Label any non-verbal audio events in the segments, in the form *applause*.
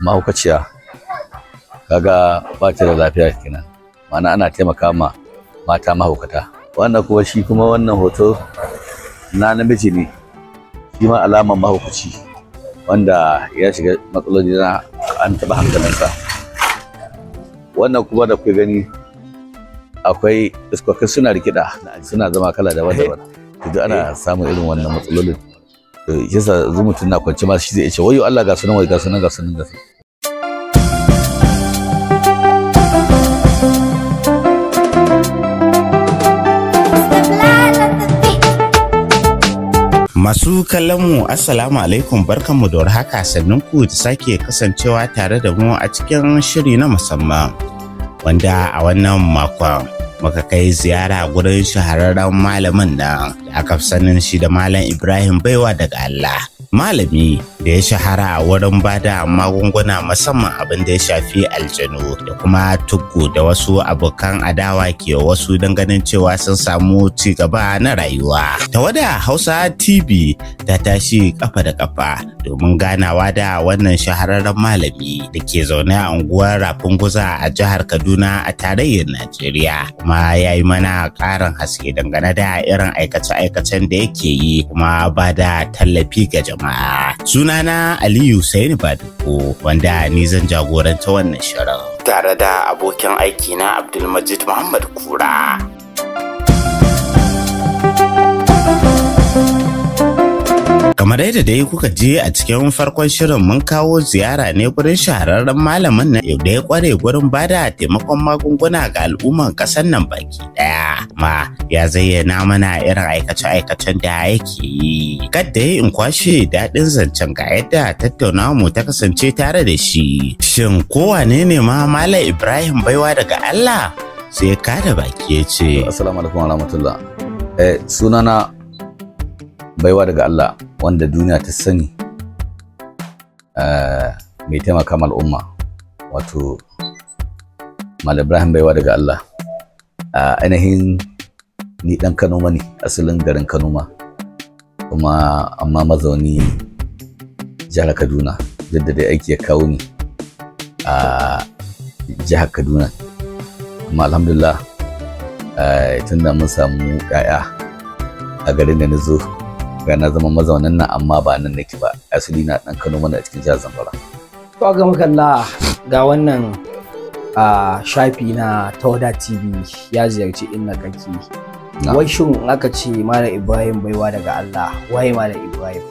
mahaukaciya kaga ba ta da lafiya kenan ma'ana ana taimaka ma mata mahaukata wannan kuwa shi kuma wannan hoto na namiji ne shi ma alamar mahaukaci wanda ya shiga matsaloli na an taɓa hankalinsa wannan kuma da kuka gani akwai iskokin suna rikida suna zama kala daban-daban eh. duk ana samun irin wannan matsalolin Eh, yasa zumutun na kwance ma shi zai ce wayo Allah ga sunan wai ga sunan ga sunan ga sunan Masu kallonmu Assalamu alaikum barkanmu da warhaka sannan ku ta sake kasancewa tare da mu a cikin shiri na musamman wanda a wannan makon muka kai ziyara gurin shahararren malamin nan da aka sanin shi da malam ibrahim baiwa daga allah malami da ya shahara a wurin da magunguna musamman abin da ya shafi aljanu da kuma tuggu da wasu abokan adawa ke wasu don ganin cewa sun samu ci gaba na rayuwa. Tawada Hausa TV ta tashi kafa da kafa domin ganawa da wannan shahararren malami da ke zaune a unguwar Rafin Guza a jihar Kaduna a tarayyar Najeriya kuma ya yi mana karin haske dangane da irin aikace-aikacen da yake yi kuma ba da tallafi ga jama'a. jama'a. Sunana Aliyu Saini Badiko wanda ni zan jagoranta wannan shirin. Tare da abokin aiki na Abdulmajid Muhammad Kura. kamar yadda dai kuka je a cikin farkon shirin mun kawo ziyara ne gurin shahararren malamin na da ya kware gurin bada taimakon magunguna ga al'umman kasar nan baki daya ma ya zayyana mana irin aikace-aikacen da yake yi kadda ya in kwashe daɗin zancen ga yadda tattaunawa mu ta kasance tare da shi shin kowane ne ma malam ibrahim baiwa daga allah sai ka da baki ya ce assalamu alaikum warahmatullah eh sunana baiwa daga Allah wanda duniya ta sani eh, mai taimaka al'umma wato mal ibrahim baiwa daga Allah eh, ainihin ni dan kanoma ne asalin garin kanoma kuma amma mazauni jihar kaduna duk da dai aiki ya kawo ni a eh, jihar kaduna amma alhamdulillah tunda mun samu 'ya'ya a garin da na zo ga na zama mazaunin nan amma ba nan nake ba asali na dan Kano mana a cikin jihar Zamfara to ga makalla ga wannan a shafi na Tawada TV ya ziyarci inna kake wai shin aka ce Malam Ibrahim baiwa daga Allah wai Malam Ibrahim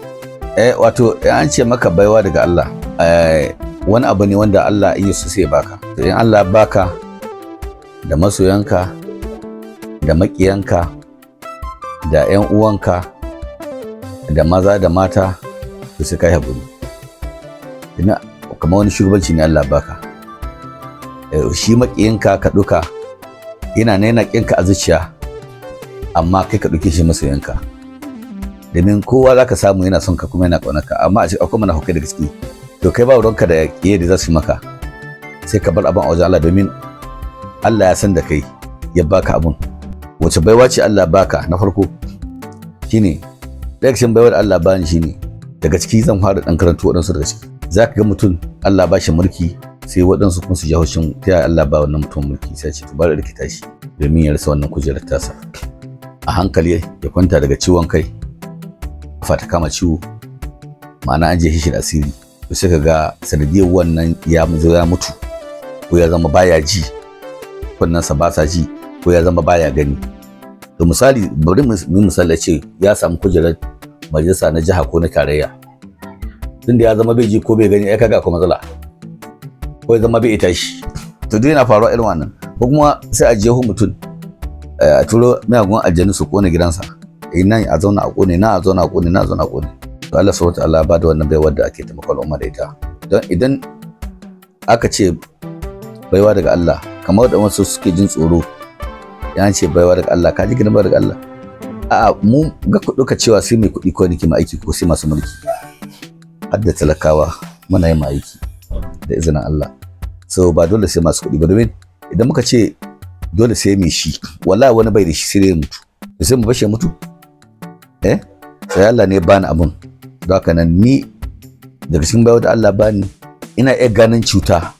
eh wato an ce maka baiwa daga Allah eh, wani abu ne wanda Allah iya su sai baka to in Allah baka da masoyanka da makiyanka da 'yan uwanka da maza da mata da su kai haƙuri ina kamar wani shugabanci ne Allah baka eh, shi maƙiyinka ka ɗuka yana na yana ƙinka a zuciya amma kai ka duke shi masoyinka domin kowa za ka samu yana son ka kuma yana ka amma a akwai mana hukai da gaske to kai ba ruwanka da ƙiye da za su maka sai ka bar abin a wajen Allah domin Allah ya san da kai ya baka abun. wace baiwa ce Allah baka na farko shine reaction baiwar Allah bani shine daga ciki zan fara dan karanto waɗansu daga ciki za ka ga mutum Allah ba shi mulki sai waɗansu kuma su jahoshin shin ta Allah ba wannan mutum mulki sai ce to bari rikita shi domin ya rasa wannan kujerar tasa a hankali ya kwanta daga ciwon kai fa ta kama ciwo ma'ana an je shi asiri to sai ka ga sanadiyar wannan ya ya mutu ko ya zama baya ji kunnensa ba sa ji ko ya zama baya gani to misali bari mu misali ce ya samu kujerar majalisa na jiha ko na tarayya tunda ya zama bai ji ko bai gani ya kaga akwai matsala ko ya zama bai ita shi to duk yana faruwa irin wannan ko kuma sai a je hu mutum eh, a turo miyagun aljanu su kone gidansa eh, nan a zauna a kone na a zauna a kone na a zauna a kone to Allah subhanahu wataala ba da wannan baiwar da ake taimakon umma da ita don idan aka ce baiwa daga Allah kamar da wasu suke jin tsoro ya ce baiwa daga Allah ka ji girma daga Allah a mu ga kuɗi ka cewa sai mai kuɗi ko niki ma aiki ko sai masu mulki hadda talakawa muna yin aiki da izinin Allah so ba dole sai masu kuɗi ba domin idan muka ce dole sai mai shi wallahi wani bai da shi sai ya mutu sai mu bashe mutu eh sai Allah ne bani abun don haka nan ni daga cikin bayar da Allah bani ina iya ganin cuta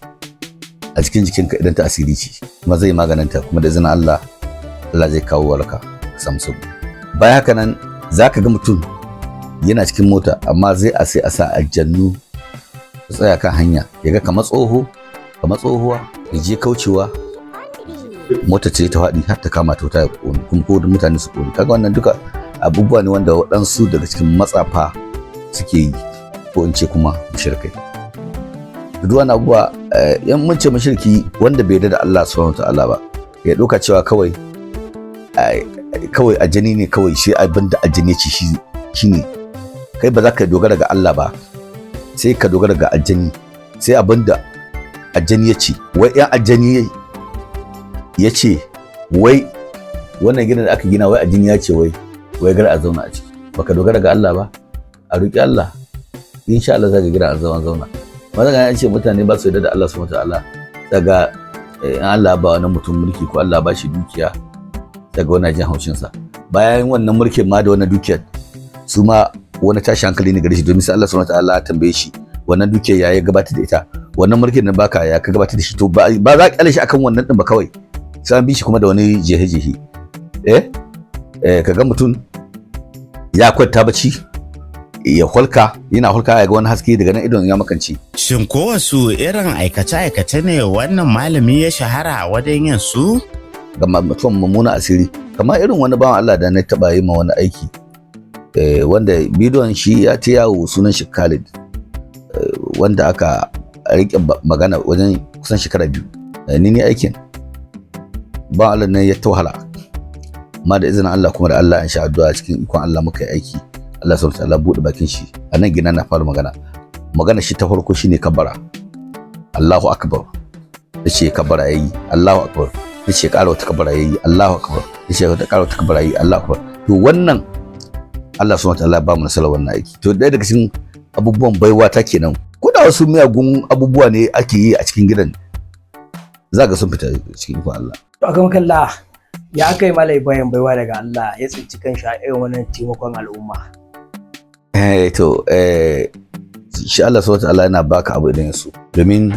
a cikin jikinka idan ta asiri ce kuma zai ta kuma da izinin Allah Allah zai kawo waraka samsung bayan haka nan za ka ga mutum yana cikin mota amma zai a sai a sa aljannu su tsaya kan hanya ya ga kamar tsoho kamar tsohuwa ya je kaucewa mota ce ta faɗi har ta kama ta wuta ya ƙone kuma ko da mutane su ƙone kaga wannan duka abubuwa ne wanda waɗansu daga cikin matsafa suke yi ko in ce kuma mushrikai duk wani abubuwa yan eh, mun ce mushirki wanda bai da da Allah subhanahu wa ta'ala ba ya ɗauka cewa kawai kawai ajini ne kawai shi abin da ajani ce shi ne kai ba za ka dogara ga Allah ba sai ka dogara ga ajini sai abin da ajani ya ce wai yan ajini ya ce wai wannan gidan da aka gina wai ajini ya ce wai wai gar a zauna a ciki baka dogara ga Allah ba a roki Allah insha Allah za ka gina a zauna zauna maza ga an ce mutane ba su yarda da Allah subhanahu Allah, daga eh, in Allah ba wani mutum mulki ko Allah ba shi dukiya daga wani jin haushinsa bayan wannan mulkin ma da wannan dukiyar su ma wani tashi hankali ne gare shi domin sai Allah subhanahu wataala ya tambaye shi wannan dukiyar ya gabata gabatar da ita wannan mulkin nan baka ya ka gabatar da shi to ba za ka kyale shi akan wannan din ba kawai sai an bi shi kuma da wani jehe-jehe eh eh kaga mutum ya kwanta bacci ya hulka yana hulka ya ga wani haske daga nan idon ya makance. Shin ko wasu irin aikace-aikace ne wannan malami ya shahara wajen yin su? ga mutum mummuna asiri kamar irin wani bawan Allah da na taba yi ma wani aiki eh, wanda bidon shi ya ta yawo sunan shi Khalid eh, wanda aka rike magana wajen kusan shekara biyu eh, ni ne aikin ba Allah ne ya tawhala amma da izinin Allah kuma da Allah in sha addu'a cikin ikon Allah muka yi aiki Allah subhanahu wa ta'ala bude bakin shi a nan gina na fara magana magana shi ta farko shine kabara Allahu akbar shi ce kabara yayi Allahu akbar yace ƙara wata kabara yayi Allahu akbar yace ta ƙara wata kabara yayi Allahu akbar to wannan Allah subhanahu wataala ba mu nasara wannan aiki to ɗaya daga cikin abubuwan baiwa ta kenan ko da wasu miyagun abubuwa ne ake yi a cikin gidan za ka sun fita cikin ikon Allah to akan kalla ya kai malai bayan baiwa daga Allah ya tsinci kansa a irin wannan taimakon al'umma eh to eh insha Allah subhanahu wataala yana baka abu idan yaso domin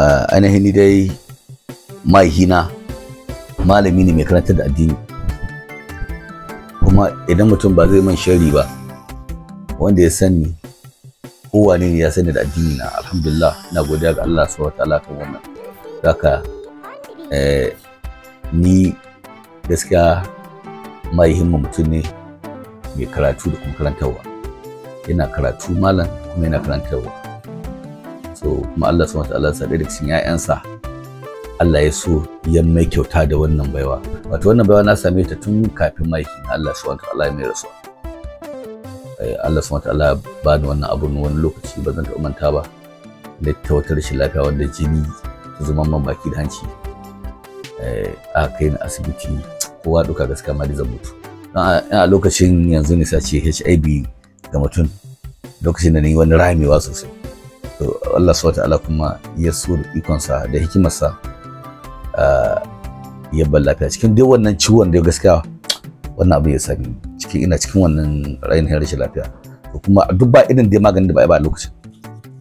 ah, ainihin ni dai mahina malami ne mai karanta da addini kuma idan mutum ba zai man sharri ba wanda ya sani kowa ne ya sani da addini na alhamdulillah ina godiya ga Allah subhanahu wataala kan wannan haka eh, ni gaskiya mai himma mutum ne mai karatu da kuma karantarwa yana karatu malam kuma yana karantarwa so kuma Allah subhanahu wataala sa da cikin 'ya'yansa Allah ya so ya mai kyauta da wannan baiwa wato wannan baiwa na same ta tun kafin maiki na Allah subhanahu Allah ya mai rasu eh, Allah Allah ya ba ni wannan abun wani lokaci ba zan taɓa manta ba da ta wata rashin lafiya wanda jini zuman man baki da hanci eh, a kai ni asibiti kowa duka gaskiya ma da zan mutu a lokacin yanzu ne sace HIV ga mutum lokacin da ni wani ramewa sosai Allah subhanahu Allah kuma ya so da ikonsa da hikimarsa Ah, yabban lafiya cikin dai wannan ciwon da gaskiya wannan abin ya sami cikin ina cikin wannan rayin rashin lafiya kuma duk ba irin dai maganin da ba ba lokacin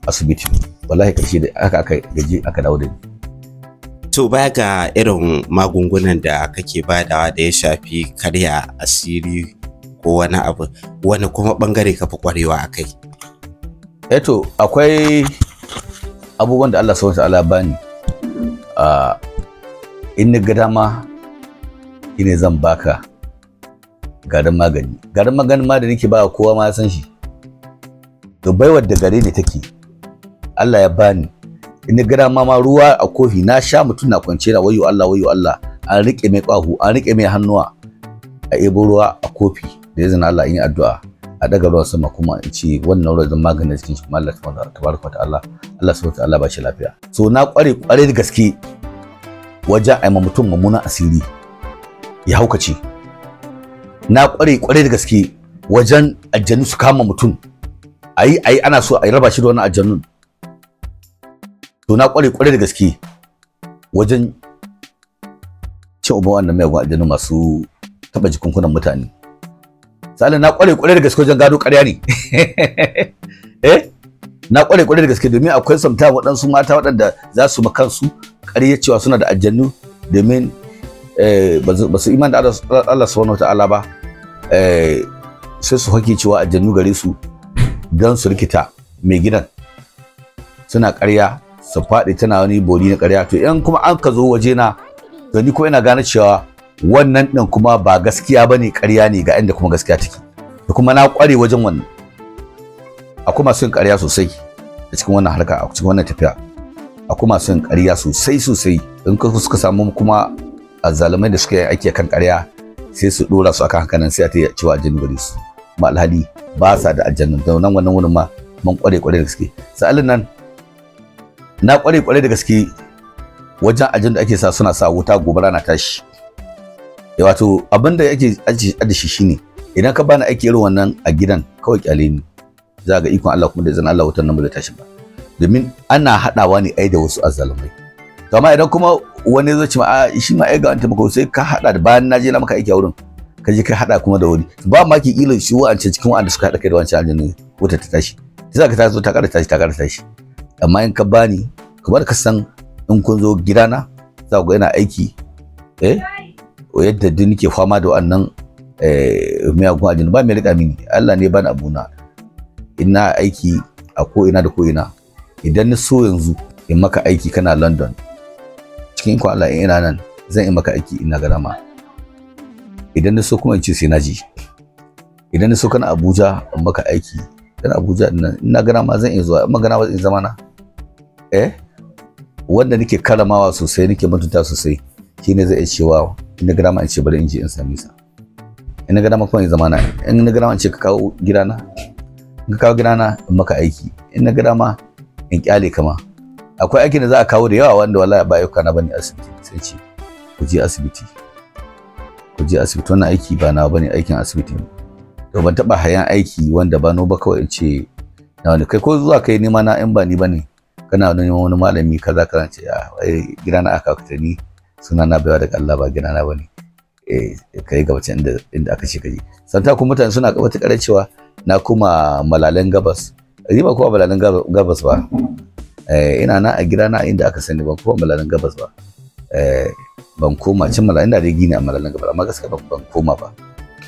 asibiti wallahi karshe da aka aka gaji aka dawo da ni to baya ga irin magungunan da kake badawa da ya shafi karya asiri ko wani abu wani kuma bangare ka fi kwarewa a kai eto eh akwai abubuwan da Allah subhanahu wa ta'ala bani a ah, in na ga dama ne zan baka garin magani garin magani ma da nake ba kowa ma san shi to baiwar da gare ne take Allah ya bani in na ga dama ma ruwa a kofi na sha mutum na kwance na wayo Allah wayo Allah an rike mai kwahu an rike mai hannuwa a ebo ruwa a kofi da izinin Allah in yi addu'a a daga ruwan sama kuma in ce wannan ruwan zan maganin cikin shi kuma Allah tabaraka wa ta'ala Allah subhanahu wa ta'ala ba shi lafiya so na kware kware da gaske wajen aima mutum mummunan asiri ya haukace na kware kware da gaske wajen aljanu su kama mutum ayi ayi ana so a raba shi da wannan aljanun to na kware kware da gaske wajen cin uban wannan mai gwa aljanu masu taba jikunkunan mutane sai na kware kware da gaske wajen gado ƙarya ne *laughs* eh na kware kware da gaske domin akwai samta waɗansu mata waɗanda za su ma kansu ƙarya cewa suna da aljannu domin eh, ba su iman da Allah subhanahu ta'ala ba eh, sai su hake cewa aljannu gare su don su rikita mai gidan suna ƙarya su faɗi tana wani bori na ƙarya to in kuma an ka zo waje na to ni kuma ina gane cewa wannan ɗin kuma ba gaskiya bane ƙarya ne ga inda kuma gaskiya take To kuma na ƙware wajen wannan akwai masu yin ƙarya sosai a cikin wannan harka a cikin wannan tafiya akwai masu yin ƙarya sosai sosai in ka suka samu kuma azzalumai da suka yi aiki kan ƙarya sai su dora su akan hakanan sai a ta cewa aljanna gare su ma alhali ba sa da aljanna da nan wannan wurin ma mun kware kware da gaske sa'alin nan na kware kware da gaske wajen ajin da ake sa suna sa wuta gobara na tashi wato abin da yake aji shi shine idan ka bani aiki irin wannan a gidan kawai kyale ni za ga ikon Allah kuma da izinin Allah wutar nan ba zai tashi ba domin ana haɗawa ne ai da wasu azzalumai to amma idan kuma wani zai ce ma shi ma ai ga wani taimako sai ka haɗa da bayan na je na maka aiki a wurin ka je ka haɗa kuma da wani ba ma ki kila shi wa'ance cikin wa'anda suka haɗa kai da wancan aljanu wuta ta tashi sai ka taso ta ƙara tashi ta ƙara tashi amma in ka bani kamar ka san in kun zo gidana za ku yana aiki eh yadda duk nake fama da wannan eh miyagun ajin ba mai rika mini Allah ne bani abuna ina aiki a ko ina da ko ina idan ni so yanzu in maka aiki kana London cikin ko Allah ina nan zan yi maka aiki ina garama idan ni so kuma in ce sai naji idan ni so kana Abuja in maka aiki kana Abuja ina ina garama zan iya zuwa magana ba zan zama na eh wanda nake kalamawa sosai nake mutunta sosai shine zai iya cewa ina garama in ce bari in je in sami sa ina garama kuma in zama na ina garama in ce ka kawo gidana in ka kawo gidana in maka aiki in na gida ma in kyale kama akwai aikin da za a kawo da yawa wanda wallahi ba ayyuka na bane asibiti sai ce ku je asibiti ku je asibiti wannan aiki ba na bane aikin asibiti ne to ban taba hayan aiki wanda ba no ba kawai in ce na wani kai ko zuwa kai nema na in ba ni bane kana da neman wani malami kaza kaza ce a ah, gidana aka kuta ni suna na baiwa daga Allah ba gidana bane Eh, kai wacce inda inda aka ce kaje santa kuma mutane suna matuƙar cewa na kuma malalen gabas ni ba kuma malalen gabas ba eh, ina na a gida na inda aka sani ba kuma malalen gabas ba eh, ban koma cin malalen inda dai gini a gabas amma gaskiya ban koma ba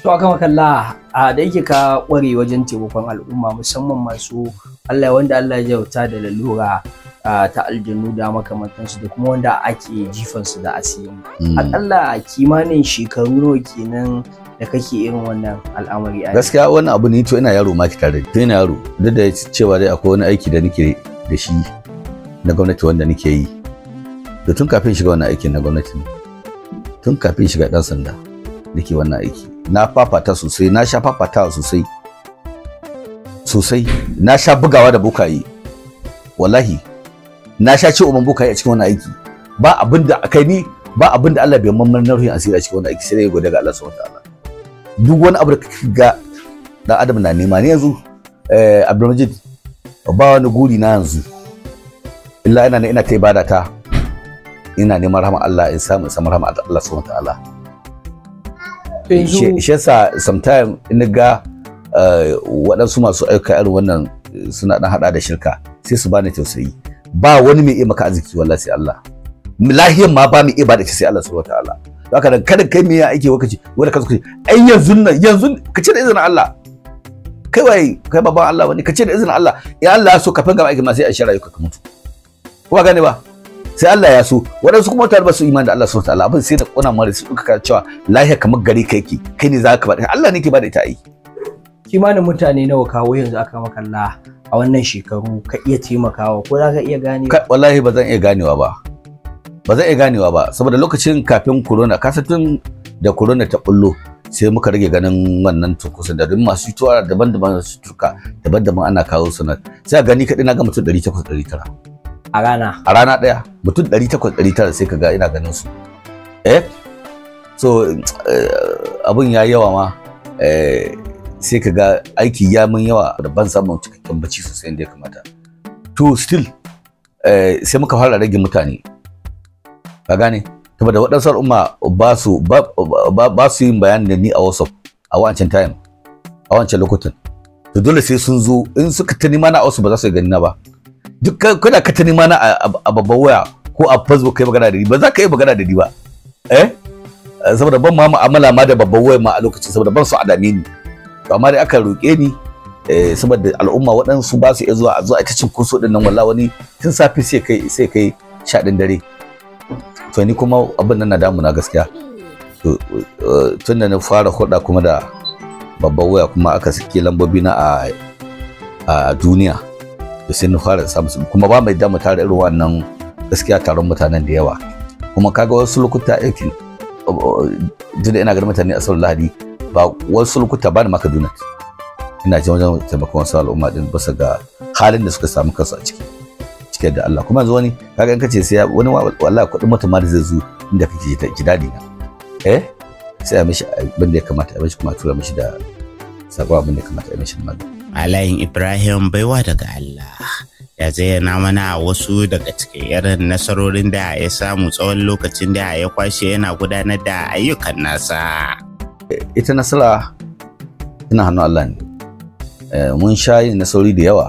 to aka makalla a da yake ka kware wajen taimakon al'umma musamman masu Allah wanda Allah ya jauta da lalura ta aljanu da makamantansu da kuma wanda ake jifansu da asiri hmm. akalla kimanin shekaru nawa kenan da kake irin wannan al'amari gaskiya wannan abu ne to ina yaro ma tare to ina yaro duk da cewa dai akwai wani aiki da nake da shi na gwamnati wanda nake yi da tun kafin shiga wannan aikin na gwamnati tun kafin shiga dan sanda nake wannan aiki na fafata sosai na sha fafata sosai sosai na sha bugawa da bukaye wallahi na sha ce umman buka a cikin wani aiki ba abin da akai ni ba abin da Allah bai mamman na ruhin asiri a cikin wani aiki sai dai gode ga Allah subhanahu wataala duk wani abu da kake ga dan adam na nema ne yanzu eh Abdulmajid ba wani guri na yanzu illa ina ne ina ta ibada ta ina neman rahama Allah in samu in samu rahama Allah subhanahu wataala shi yasa sometimes in ga eh, waɗansu masu aika irin wannan suna dan haɗa da shirka sai su bani tausayi ba wani mai iya maka arziki wallahi sai Allah lahiyan ma ba mai iya ba da sai Allah subhanahu wataala haka nan kada kai me ya aike waka ce wanda ka zo ai yanzu nan yanzu ka ce da izinin Allah kai waye kai baban Allah wani ka ce da izinin Allah ya Allah so kafin gaba aikin ma sai a shara ka mutu ko ba gane ba sai Allah ya so wadansu kuma mutane ba su imani da Allah subhanahu wataala abin sai da kuna mara su duka cewa lahiya kamar gari kai ke kai ne za ka ba Allah ne ke ba da ita ai kimanin mutane nawa kawo yanzu aka makalla a wannan shekaru ka iya taimakawa ko za ka iya ka wallahi ba zan iya ganewa ba ba zan iya ganewa ba saboda lokacin kafin corona kasatun da corona ta bullo sai muka rage ganin wannan tukusun da duk masu tuwa daban-daban su tuka daban-daban ana kawo su sai a gani kaɗai na ga mutum 1800 a rana a rana ɗaya mutum 1800 sai ka ga ina ganin su eh so eh, abun ya yawa ma eh sai ka ga aiki ya mun yawa da ban samun cikakken bacci sosai inda ya kamata to still eh, sai muka fara rage mutane ka gane saboda waɗansu al'umma ba su yin bayanin da ni a wasu a wancan time a wancan lokutan to dole sai sun zo in suka ta nima na a wasu ba za su gani na ba duk kuna ka ta nima na a babban waya ko a facebook kai magana da ni ba za ka yi magana da ni ba eh saboda ban ma mu'amala ma da babban waya ma a lokacin saboda ban so a dame ni to amma dai aka roƙe ni eh, saboda al'umma waɗansu ba su iya zuwa a zuwa a cikin cin din ɗin nan wallahi wani tun safi sai kai sai kai sha din dare to ni kuma abin nan na damuna gaskiya eh, tun da na fara hulɗa kuma da babban waya kuma aka sake lambobi na a a duniya to sai na fara samu kuma ba mai damu tare irin wannan gaskiya taron mutanen da yawa kuma kaga wasu lokuta aiki. Eh, Tunda ina ganin mutane a lahadi ba wasu lokuta ba da ma Kaduna ina jin wajen taimakon wasu al'umma din basa ga halin da suka samu kansu a ciki cike da Allah kuma yanzu wani kaga in kace sai wani wallahi kuɗin mutum ma da zai zo inda kake ji daɗi na eh sai a mishi abin da ya kamata a mishi kuma tura mishi da sabuwa abin da ya kamata a mishi da magana Alayin Ibrahim baiwa daga Allah ya zayyana mana wasu daga cikin irin nasarorin da ya samu tsawon lokacin da ya kwashe yana gudanar da ayyukan nasa. ita nasara ina hannun Allah ne eh, mun sha yin nasarori da yawa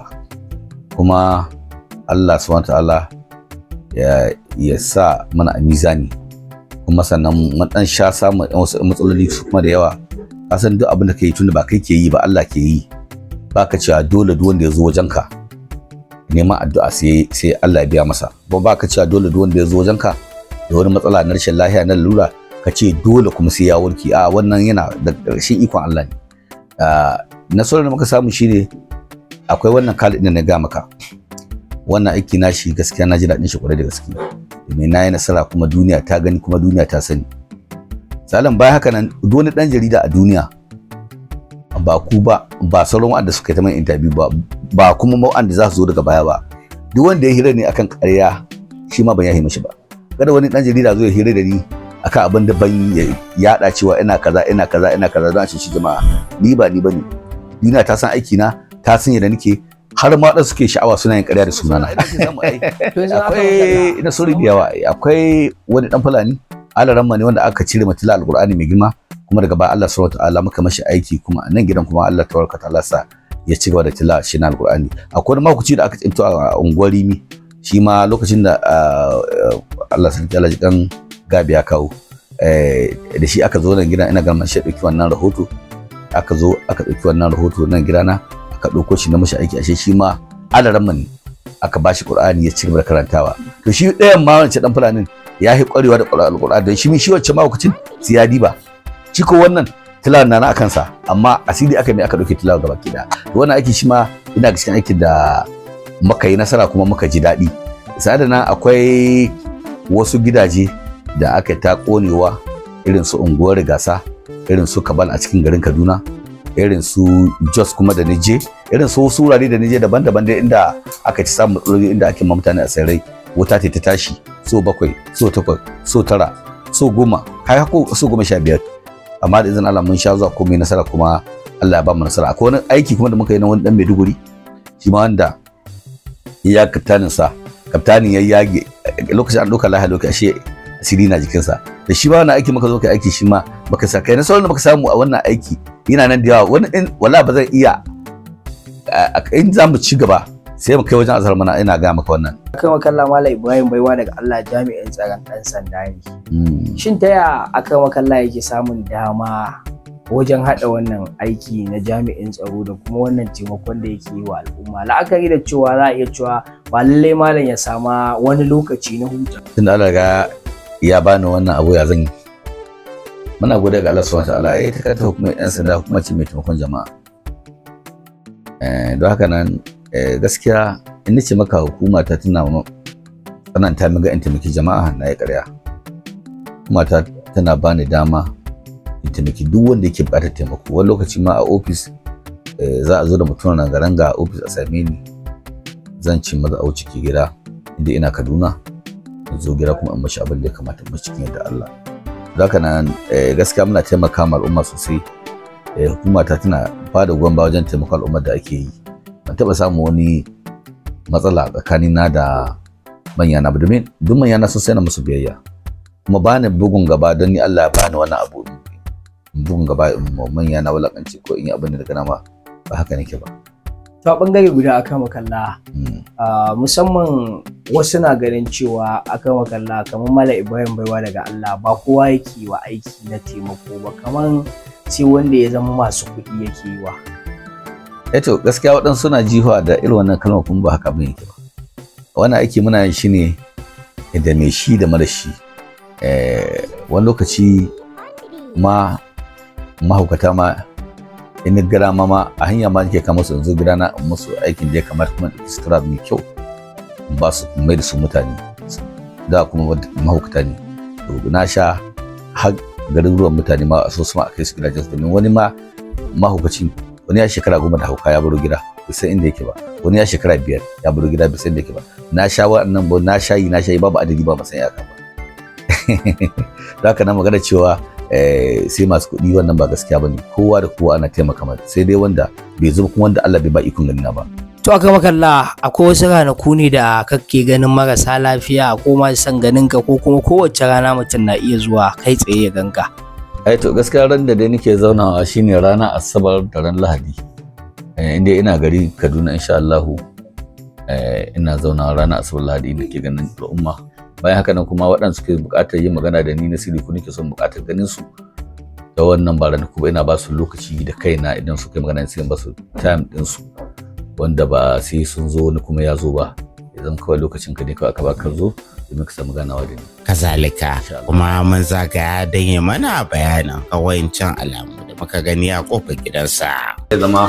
kuma Allah subhanahu ta'ala ya ya sa mana a mizani kuma sannan mun dan sha samu wasu matsaloli su kuma da yawa ka san duk abin da kai tunda ba kai ke yi ba Allah ke yi baka cewa dole duk wanda ya zo wajenka neman addu'a sai sai Allah ya biya masa ba baka cewa dole duk wanda ya zo wajenka da wani matsala na rashin lafiya na lura ka ce dole kuma sai ya warke a wannan yana da ƙarshen ikon Allah ne ah, nasarar da muka samu shine akwai wannan kalin da na ga maka wannan aiki na shi gaskiya na ji daɗin shi kwarai da gaske domin na yi nasara kuma duniya ta gani kuma duniya ta sani salan bai haka nan duk dan jarida a duniya ba ku ba ba sauran wanda suka yi ta mai interview ba ba kuma ma'an za su zo daga baya ba duk wanda ya hira ne akan ƙarya shi ma ban yahi mishi shi ba kada wani dan jarida zo ya hira da ni akan abin da ban yada cewa ina kaza ina kaza ina kaza don shi jama'a ni ba ni bane duniya ta san aiki na ta san yadda nake har ma da suke sha'awa suna yin ƙarya da sunana akwai na sori da yawa eh, akwai wani dan fulani alaran ne wanda aka cire matila alqur'ani mai girma kuma daga ba Allah subhanahu wataala muka mashi aiki kuma a nan gidan kuma Allah tabaraka ta'ala sa ya ci gaba da tila shi na alqur'ani akwai wani makuci da aka tsinto a unguwar Rimi shi ma lokacin da ah, eh, Allah wataala ji dan gabi ya kawo eh, da shi aka zo nan gida ina ga shi ɗauki wannan rahoto aka zo aka ɗauki wannan rahoto nan gida na aka ɗauko shi na mashi aiki ashe shi ma alaran ne aka ba shi qur'ani ya ci gaba da karantawa to shi ɗayan ma wancan dan fulanin ya yi ƙwarewa da alƙur'ani don shi min shi wancan ma lokacin sai ya diba shi ko wannan tilawar na akan sa amma asiri aka mai aka ɗauki tilawa gaba ki da wannan aiki shi ma ina ga cikin aikin da muka yi nasara kuma muka ji daɗi sa'ada nan akwai wasu gidaje da aka ta konewa irin su unguwar rigasa irin su kaban a cikin garin kaduna irin su jos kuma da nije irin su wasu da nije daban-daban dai inda aka ci samun matsaloli inda ake ma mutane a tsirrai wuta ta tashi so bakwai so takwas so tara so goma kai hako so goma sha biyar amma da izin Allah mun sha zuwa komai nasara kuma Allah ya ba mu nasara akwai wani aiki kuma da muka yi na wani dan Maiduguri shi ma wanda ya kaptanin sa kaptanin ya yage lokacin an doka lahiya lokaci ashe asiri na jikinsa da shi ba wannan aiki maka zo kai aiki shi ma baka sa kai na sauran da baka samu a wannan aiki yana nan da yawa wani in wala ba zan iya in za mu ci gaba sai mu kai wajen azhar mana ina ga maka wannan kai makalla mala ibrahim baiwa daga Allah jami'in tsaron dan sanda ne hmm. shin ta ya akan makalla yake samun dama wajen haɗa wannan aiki na jami'in tsaro da kuma wannan taimakon da yake yi wa al'umma la'akari da cewa za a iya cewa ba lallai malam ya sama wani lokaci na hutu. Tunda Allah ga ya bani wannan abu ya zan yi muna gode ga Allah subhanahu wataala eh ta hukumar yan sanda kuma ce mai taimakon jama'a eh don haka nan eh, gaskiya in nace maka hukuma ta tana tsananta min in taimaki jama'a na ya ƙarya kuma ta tana bani dama in taimaki duk wanda yake buƙatar taimako wani lokaci ma a ofis eh, za a zo da mutum ranga garanga a ofis a same ni zan ci maza auci ke gida inda ina kaduna in zo gida kuma in mashi abin da ya kamata mashi cikin yadda Allah zaka nan eh, gaskiya muna taimaka ma al'umma sosai eh, hukuma ta tana ba bada gwamba wajen taimakon al'umma da ake yi ban taɓa samu wani matsala tsakanin na da manya na domin duk manya na sosai na musu biyayya kuma ba ni bugun gaba don ni Allah ya bani wani abu bugun gaba in manya na wulakanci ko in yi abin da daga nama ba haka nake ba ta bangare guda aka makalla hmm. musamman wasu na ganin cewa aka makalla kamar mala ibrahim baiwa daga allah ba kowa yake wa aiki na taimako ba kamar sai wanda ya zama masu kuɗi yake yi wa eto eh gaskiya waɗansu suna jihuwa da irin wannan kalmar kun ba haka bane yake ba wannan aiki muna yin shi ne da mai shi da mara shi eh, wani lokaci ma mahaukata ma in ni gara a hanya ma nake kama su yanzu gida na musu aikin da ya kamata kuma sutura mai kyau ba su mai da su mutane da kuma mahaukata ne to na sha har garin ruwan kai su gidajen domin wani ma wani ya shekara goma da hauka ya baro gida inda yake ba wani ya shekara biyar ya baro gida inda yake ba na sha ba na haka *laughs* na magana cewa Eh, sai masu kuɗi wannan ba gaskiya bane kowa da kowa ana taimaka mata sai dai wanda bai zuba kuma wanda Allah bai ba ikon ganina ba to aka makalla akwai wasu ranaku ne da kake ganin marasa lafiya ko ma san ganin ka ko kuma kowace rana mutum na iya zuwa kai tsaye ya ganka ai eh to gaskiya ran da dai nake zaunawa shine rana asabar da ran lahadi eh, inda ina gari Kaduna insha Allah ina zauna ranar asabar lahadi nake ganin al'umma bayan haka nan kuma waɗanda suke buƙatar yin magana da ni na sirri ku nake son buƙatar ganin su da wannan ba ranaku ba ina ba su lokaci da kaina idan suka yi magana sai ba su time din su wanda ba sai sun zo ni kuma ya zo ba idan kawai lokacin ka ne kawai aka baka zo domin ka samu ganawa da ni kazalika kuma mun zagaya dan ya mana bayanin can alamu da muka gani a kofar gidansa ya zama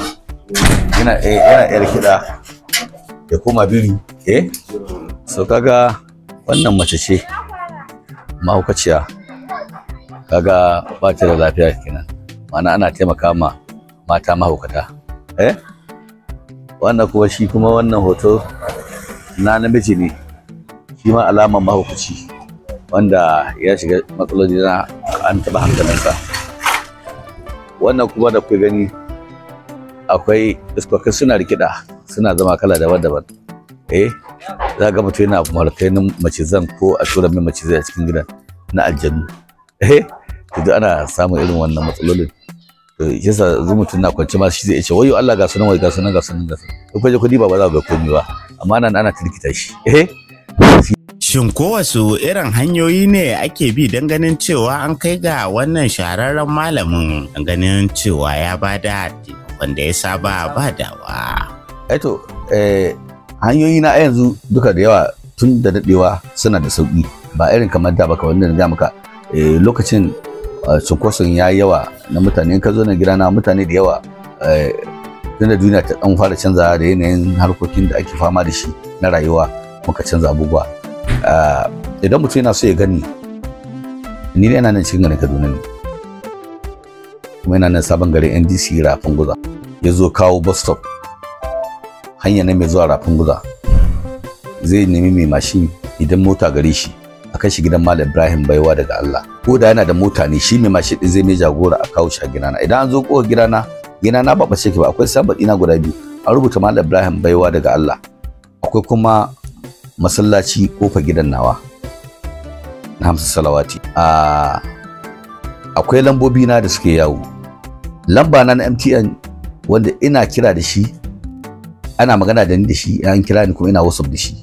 yana eh, yana yar kiɗa ya koma biri eh so kaga wannan mace ce mahaukaciya kaga ba ta da lafiya kenan ma'ana ana taimaka ma mata mahaukata eh wannan kuma shi kuma wannan hoto na namiji ne shi ma alaman mahaukaci wanda ya shiga matsaloli na an taɓa hankalinsa wannan kuma da kuka gani akwai iskokin suna rikida suna zama kala daban-daban eh za ga mutum yana markai na macizan ko a tura mai macizai a cikin gidan na aljanu eh to duk ana samun irin wannan matsalolin to yasa zu mutum na kwance ma shi zai ce wayo Allah ga sunan wai ga sunan ga sunan ga sunan ko je kudi ba ba za ga komai ba amma nan ana tilkita shi eh Shin ko wasu irin hanyoyi ne ake bi don ganin cewa an kai ga wannan shahararren malamin ganin cewa ya bada wanda ya saba ba badawa? Eto, eh, eh hanyoyi na yanzu duka da yawa tun da daɗewa suna da sauki ba irin kamar da baka wanda na maka eh, lokacin eh, cunkoson ya yawa na mutane ka zo na gida na mutane da yawa eh, tun da duniya ta dan fara canza da yanayin harkokin da ake fama da shi na rayuwa muka canza abubuwa idan mutum yana so ya gani ni ne ina nan cikin garin Kaduna ne kuma ina nan sabon garin NDC rafin guza ya zo kawo bus stop hanya na mai zuwa rafin guza zai nemi mai mashin idan mota gare shi a kai shi gidan Malam Ibrahim baiwa daga Allah ko da yana da mota ne shi mai mashin din zai mai jagora a kawo shi a gidana idan an zo ko gidana gidana ba bace ki ba akwai sabat ina guda biyu an rubuta Malam Ibrahim baiwa daga Allah akwai kuma masallaci kofa gidan nawa na hamsa salawati a akwai lambobi na da suke yawo lamba na na MTN wanda ina kira da shi ana magana da ni da shi an kira ni kuma ina wasu da shi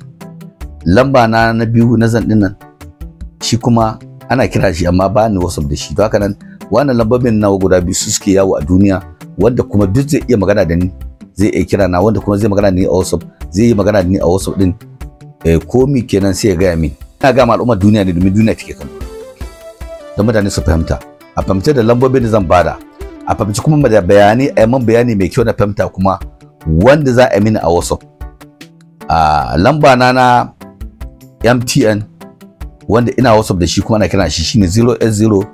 lamba na na biyu na zan dinnan shi kuma ana kira shi amma ba ni wasu da shi to haka nan wannan lambobin nawa guda biyu su suke yawo a duniya wanda kuma duk zai iya magana da ni zai iya kira na wanda kuma zai magana da ni a wasu, zai yi magana da ni a wasu din eh, komi kenan sai ya gaya min ina ga al'umma duniya ne domin duniya take kan da mutane su fahimta a fahimce da lambobin da zan bada a fahimci kuma da bayanai a man bayani mai kyau na fahimta kuma wanda za a mini a whatsapp a lamba na na mtn wanda ina whatsapp da shi kuma ana kira shi shine 08034580596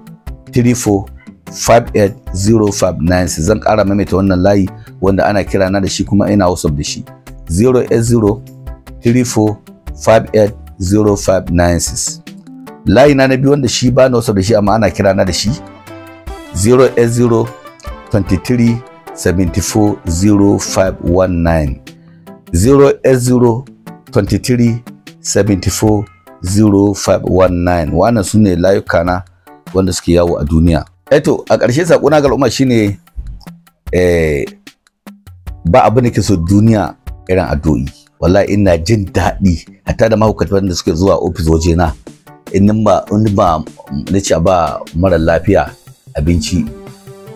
34 580596 zan ƙara maimaita wannan layi wanda ana kira na da shi kuma ina whatsapp da shi 08034580596 layi na na biyu wanda shi ba na whatsapp da shi amma ana kira na da shi 08023 74019 08023740519 wannan su ne layuka na wanda suke yawo a duniya eto eh a ƙarshe saƙona ga al'umma shine eh, ba abin da ke so duniya irin adoyi wallahi ina jin daɗi hatta da mahaukata da suke zuwa ofis waje na in ba in ba na ba mara lafiya abinci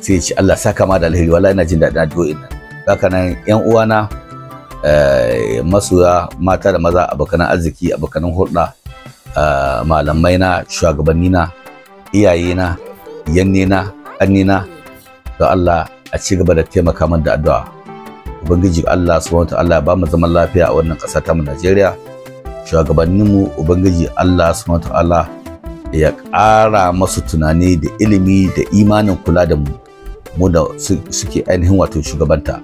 sai ya ce Allah saka ma da alheri wallahi ina jin daɗin addu'o'in nan haka nan yan uwana eh, masoya mata da maza abokan arziki abokan hulɗa eh, malamai na shugabanni na iyaye na yanne na ƙanne na to Allah a ci gaba da taimaka min da addu'a ubangiji Allah subhanahu wataala ba mu zaman lafiya a wannan ƙasa ta mu Najeriya mu ubangiji Allah subhanahu wataala ya ƙara masu tunani da ilimi da imanin kula da mu mu suke ainihin wato shugabanta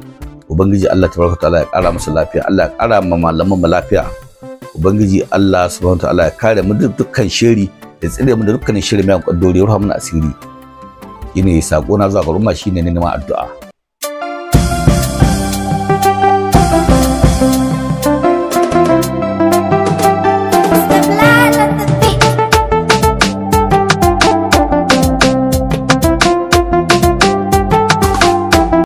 ubangiji Allah ta tabaraka ta'ala ya kara masa lafiya Allah ya kara ma malaman mu lafiya ubangiji Allah subhanahu ta'ala ya kare mu dukkan shiri da tsire mu da dukkanin shiri mai kwadori ruha mana asiri shine sako na zuwa ga ruma shine ne neman addu'a